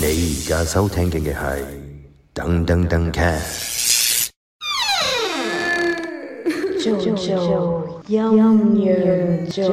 你而家收聽嘅係《燈登登 cast》，做做音源做。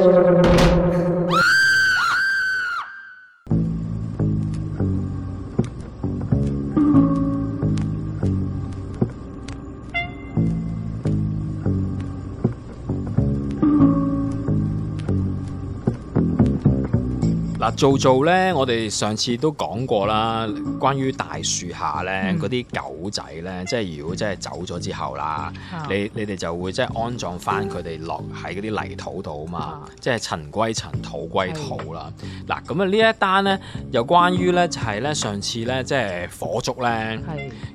做做咧，我哋上次都講過啦，關於大樹下咧嗰啲狗仔咧，即係如果即係走咗之後啦，嗯、你你哋就會即係安葬翻佢哋落喺嗰啲泥土度啊嘛，即係塵歸塵，土歸土啦。嗱是的、啊，咁啊呢一單咧，又關於咧就係、是、咧上次咧即係火燭咧，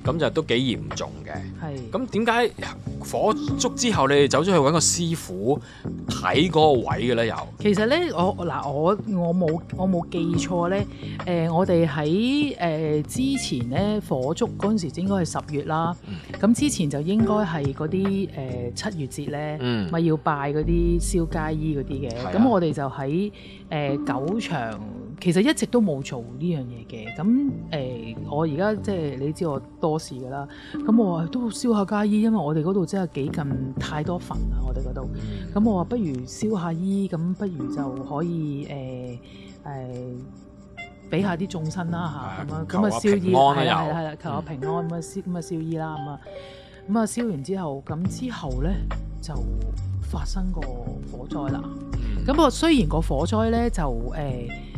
咁是的 就都幾嚴重嘅。咁點解火燭之後你哋走咗去揾個師傅睇嗰個位嘅咧？又其實咧，我嗱我我冇。我我我我我冇記錯咧，誒、呃，我哋喺誒之前咧，火燭嗰陣時應該係十月啦。咁之前就應該係嗰啲誒七月節咧，咪、嗯、要拜嗰啲燒街衣嗰啲嘅。咁的我哋就喺誒、呃、九場，其實一直都冇做呢樣嘢嘅。咁誒、呃，我而家即係你知我多事㗎啦。咁我話都燒下街衣，因為我哋嗰度真係幾近太多墳啦、啊，我哋嗰度。咁我話不如燒下衣，咁不如就可以誒。呃係俾下啲眾生啦嚇，咁樣咁啊燒衣，係啦係啦，求下平安咁啊燒咁啊燒衣啦，咁啊咁啊燒完之後，咁之後咧就發生個火災啦。咁啊雖然個火災咧就誒。欸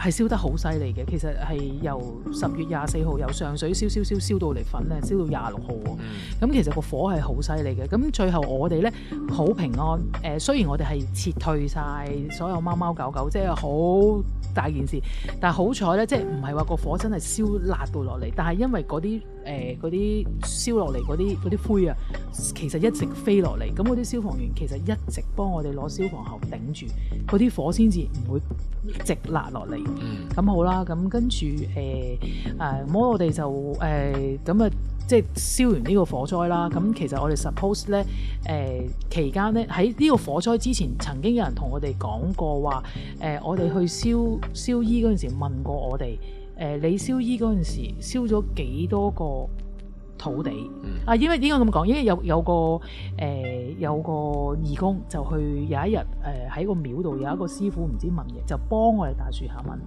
係燒得好犀利嘅，其實係由十月廿四號由上水燒燒燒燒，燒，燒到嚟粉呢，燒到廿六號喎。咁其實個火係好犀利嘅，咁最後我哋呢，好平安。誒、呃，雖然我哋係撤退晒所有貓貓狗狗，即係好大件事，但係好彩呢，即係唔係話個火真係燒辣到落嚟，但係因為嗰啲。誒嗰啲燒落嚟嗰啲啲灰啊，其實一直飛落嚟，咁嗰啲消防員其實一直幫我哋攞消防喉頂住，嗰啲火先至唔會直落落嚟。嗯，咁好啦，咁跟住誒誒，咁、呃、我哋就誒咁啊，即係燒完呢個火災啦。咁其實我哋 suppose 咧誒、呃、期間咧喺呢個火災之前，曾經有人同我哋講過話，誒、呃、我哋去燒燒衣嗰陣時問過我哋。誒，李姨燒衣嗰陣時燒咗幾多個土地？嗯、啊，因為點解咁講，因為有有個誒、呃、有個義工就去，有一日誒喺個廟度有一個師傅唔知問嘢，就幫我哋大樹下問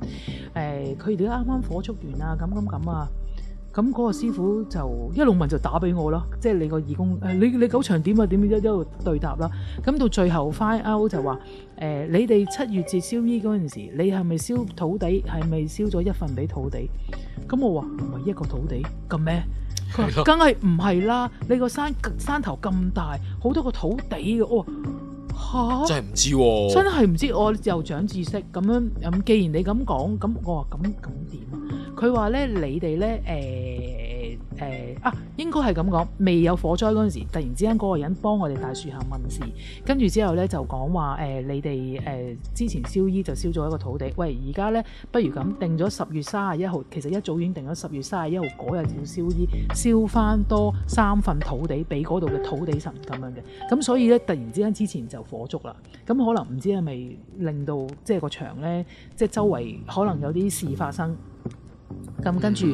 誒，佢哋都啱啱火燭完啊，咁咁咁啊～咁嗰個師傅就一路問就打俾我咯，即係你個義工，誒你你狗場點啊？點點一一路對答啦。咁到最後 file 就話誒，你哋七月節燒衣嗰陣時，你係咪燒土地？係咪燒咗一份俾土地？咁我話唔係一個土地，咁咩？佢話梗係唔係啦？你個山山頭咁大，好多個土地嘅。我話嚇，真係唔知喎，真係唔知。我又長知識咁樣。咁既然你咁講，咁我話咁咁點啊？佢話咧：你哋咧，誒、呃、誒、呃、啊，應該係咁講。未有火災嗰陣時，突然之間嗰個人幫我哋大樹下問事，跟住之後咧就講話誒，你哋誒、呃、之前燒衣就燒咗一個土地，喂而家咧不如咁定咗十月卅一號，其實一早已經定咗十月卅一號嗰日要燒衣，燒翻多三份土地俾嗰度嘅土地神咁樣嘅。咁所以咧，突然之間之前就火燭啦。咁可能唔知係咪令到即係個場咧，即係周圍可能有啲事發生。咁跟住，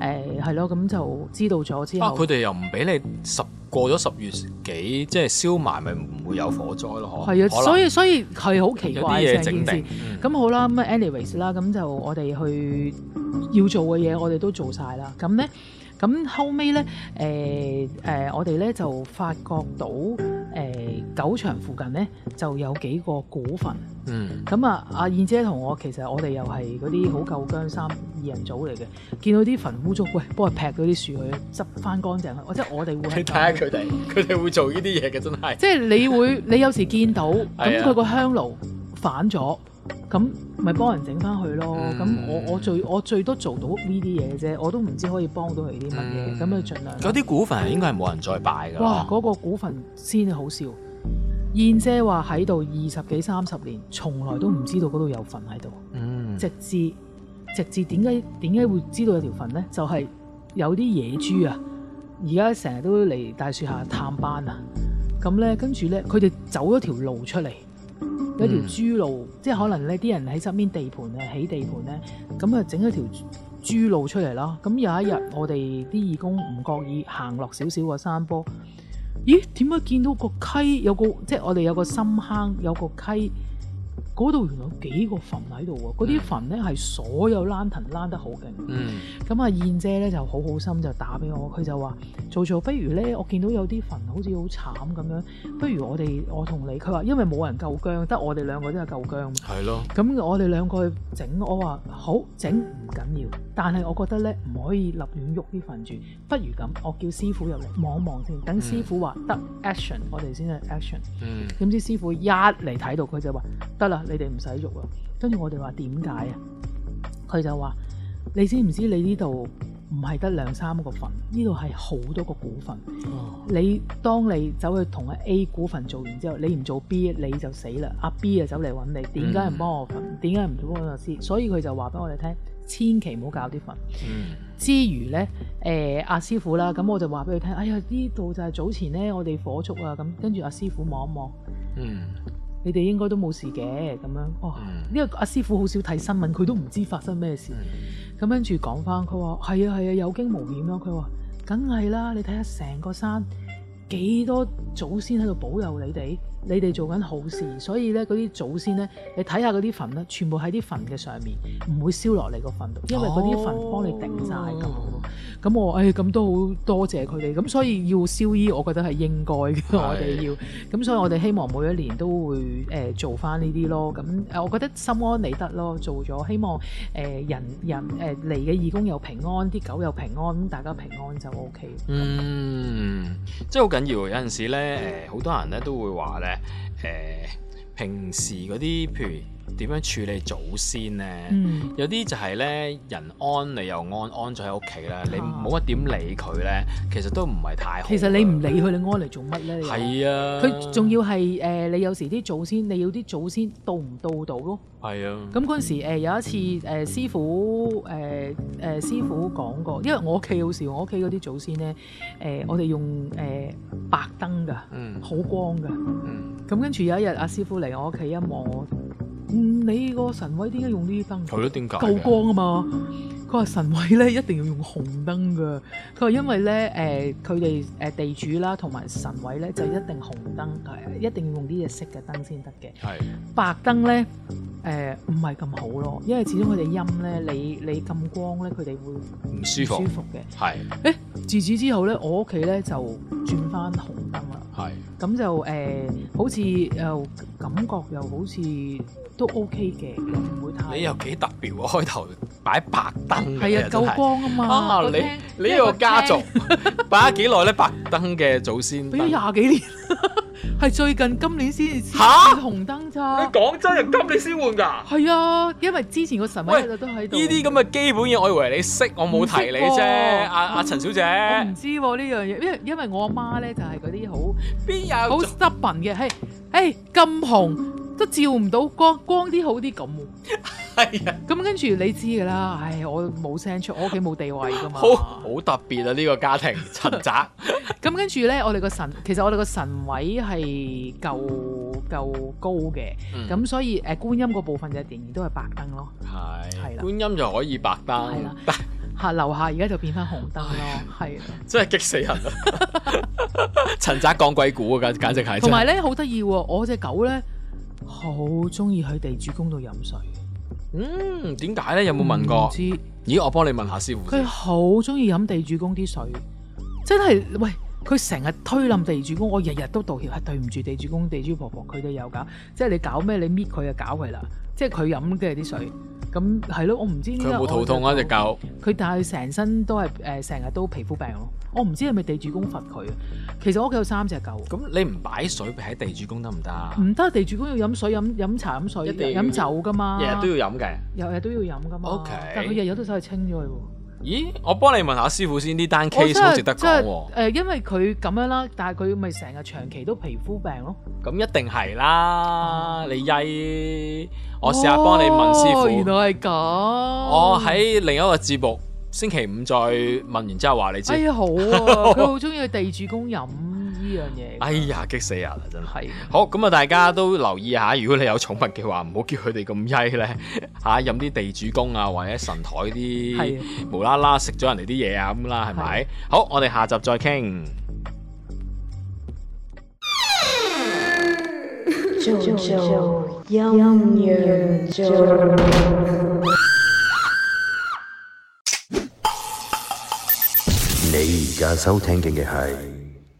誒係咯，咁就知道咗之後，佢哋又唔俾你十過咗十月幾，即係燒埋咪唔會有火災咯，可能，係啊，所以所以係好奇怪嘅一件事。咁好啦，咁 anyways 啦，咁就我哋去要做嘅嘢，我哋都做晒啦。咁咧。咁後尾咧，誒、呃、誒、呃，我哋咧就發覺到誒、呃、九場附近咧就有幾個古墳。嗯。咁啊，阿燕姐同我其實我哋又係嗰啲好舊姜三二人組嚟嘅，見到啲墳污糟，喂、欸，幫佢劈咗啲樹佢，執翻乾淨、啊、即我即係我哋會你睇下佢哋，佢哋 會做呢啲嘢嘅，真係。即係你會，你有時見到咁佢個香爐反咗，咁。咪幫人整翻佢咯，咁、嗯、我我最我最多做到呢啲嘢啫，我都唔知可以幫到佢啲乜嘢，咁你、嗯、盡量。有啲古墳應該係冇人再拜㗎。哇！嗰、那個古墳先係好笑，燕姐話喺度二十幾三十年，從來都唔知道嗰度有墳喺度。嗯，直。直至直至點解點解會知道有條墳咧？就係、是、有啲野豬啊，而家成日都嚟大樹下探班啊。咁咧，跟住咧，佢哋走咗條路出嚟。有條豬路，嗯、即係可能呢啲人喺側邊地盤啊，起地盤呢，咁啊整咗條豬路出嚟咯。咁有一日，我哋啲義工唔覺意行落少少個山坡，咦？點解見到個溪有個即係我哋有個深坑，有個溪？嗰度原來幾個墳喺度喎，嗰啲、mm. 墳咧係所有攣藤攣得好勁。嗯。咁啊燕姐咧就好好心就打俾我，佢就話：做做不如咧，我見到有啲墳好似好慘咁樣，不如我哋我同你。佢話因為冇人夠薑，得我哋兩個先係夠薑。係咯噠。咁我哋兩個去整，我話好整唔緊要，但係我覺得咧唔可，可以立亂喐啲墳住，不如咁，我叫師傅入嚟望望先，等師傅話得、mm. action，我哋先係 action。嗯。點知師傅一嚟睇到佢就話：得啦。你哋唔使做啊。跟住我哋話點解啊？佢就話：你知唔知你呢度唔係得兩三個墳，呢度係好多個古墳。嗯、你當你走去同阿 A 古墳做完之後，你唔做 B，你就死啦。阿 B 就走嚟揾你，點解唔幫我墳？點解唔做幫我墳？所以佢就話俾我哋聽，千祈唔好搞啲墳。嗯，之餘呢，誒、呃，阿、啊、師傅啦，咁我就話俾佢聽，哎呀，呢度就係早前呢，我哋火燭啊，咁跟住阿、啊、師傅望一望，嗯。你哋應該都冇事嘅咁樣，哇、哦！呢個阿師傅好少睇新聞，佢都唔知發生咩事，咁跟住講翻，佢 話樂：係啊，係啊，有驚無險咯。佢話：梗係啦，你睇下成個山幾多祖先喺度保佑你哋。你哋做緊好事，所以咧嗰啲祖先咧，你睇下嗰啲墳咧，全部喺啲墳嘅上面，唔會燒落你個墳度，因為嗰啲墳幫你定晒咁。咁我誒咁都好多謝佢哋，咁所以要燒衣，我覺得係應該嘅，我哋要。咁所以我哋希望每一年都會誒做翻呢啲咯。咁誒，我覺得心安理得咯，做咗希望誒人人誒嚟嘅義工又平安，啲狗又平安，大家平安就 OK。嗯，即係好緊要。有陣時咧誒，好多人咧都會話咧。誒，平時嗰啲，譬如。點樣處理祖先咧？嗯、有啲就係咧，人安你又安安咗喺屋企啦，你冇乜點理佢咧，其實都唔係太好。其實你唔理佢，你安嚟做乜咧？係是啊，佢仲要係誒，你有時啲祖先你要啲祖，祖先到唔到到咯？係是啊。咁嗰陣時有一次誒、呃、師傅誒誒、呃呃、師傅講過，因為我屋企有時，我屋企嗰啲祖先咧誒、呃，我哋用誒、呃、白燈㗎，好、嗯、光㗎。咁跟住有一日阿師傅嚟我屋企一望我。你個神位點解用呢啲燈？係咯，點解？夠光啊嘛！佢話神位咧一定要用紅燈㗎。佢話因為咧，誒，佢哋誒地主啦，同埋神位咧就一定紅燈，係一定要用呢啲色嘅燈先得嘅。係白燈咧，誒唔係咁好咯，因為始終佢哋陰咧，你你咁光咧，佢哋會唔舒服嘅。係。誒，自此之後咧，我屋企咧就轉翻紅燈啦。係。咁就誒，好似又感覺又好似。都 OK 嘅，唔會太。你又幾特別喎？開頭擺白燈嘅。係啊，夠光啊嘛。啊，你呢個家族擺咗幾耐咧？白燈嘅祖先。俾咗廿幾年，係最近今年先至紅燈咋。你講真，今年你先換㗎？係啊，因為之前個神位咧都喺度。呢啲咁嘅基本嘢，我以為你識，我冇提你啫。阿阿陳小姐，我唔知呢樣嘢，因為因為我阿媽咧就係嗰啲好邊有好執笨嘅，係係金紅。都照唔到光，光啲好啲咁喎。係啊，咁跟住你知噶啦，唉，我冇聲出，我屋企冇地位噶嘛。好好特別啊！呢個家庭陳宅。咁跟住咧，我哋個神，其實我哋個神位係夠夠高嘅，咁所以誒觀音嗰部分嘅殿都係白燈咯。係係啦，觀音就可以白燈，但係吓樓下而家就變翻紅燈咯。係，真係激死人！陳宅講鬼故啊，簡簡直係。同埋咧，好得意喎，我隻狗咧。好中意去地主公度飲水，嗯，點解咧？有冇問過？嗯，唔知，咦、欸，我幫你問下師傅。佢好中意飲地主公啲水，真係喂。佢成日推冧地主公，我日日都道歉，係、啊、對唔住地主公、地主婆婆佢哋又搞，即係你搞咩你搣佢就搞佢啦，即係佢飲嘅啲水，咁係咯，我唔知點解佢冇肚痛啊隻狗，佢但係成身都係誒成日都皮膚病咯，我唔知係咪地主公罰佢啊，其實我屋企有三隻狗。咁你唔擺水喺地主公得唔得？唔得，地主公要飲水、飲飲茶、飲水、飲酒㗎嘛，日日都要飲嘅，日日都要飲㗎嘛，Okay. 但佢日日都走去清咗佢。咦，我幫你問下師傅先，呢單 case 好，哦，值得講？誒、呃，因為佢咁樣啦，但係佢咪成日長期都皮膚病咯。咁一定係啦，嗯、你依，我試下幫你問師傅。哦，原來係咁。我喺另一個節目星期五再問完之後話你知。哎呀，好啊，佢好中意去地主公飲。 呢樣嘢，哎呀，激死人啦！真係，好咁啊！大家都留意下，如果你有寵物嘅話，唔好叫佢哋咁曳咧，吓任啲地主公啊或者神台啲，無啦啦食咗人哋啲嘢啊咁啦，係咪？好，我哋下集再傾。Jojo，音樂，Jo。你而家收聽緊嘅係。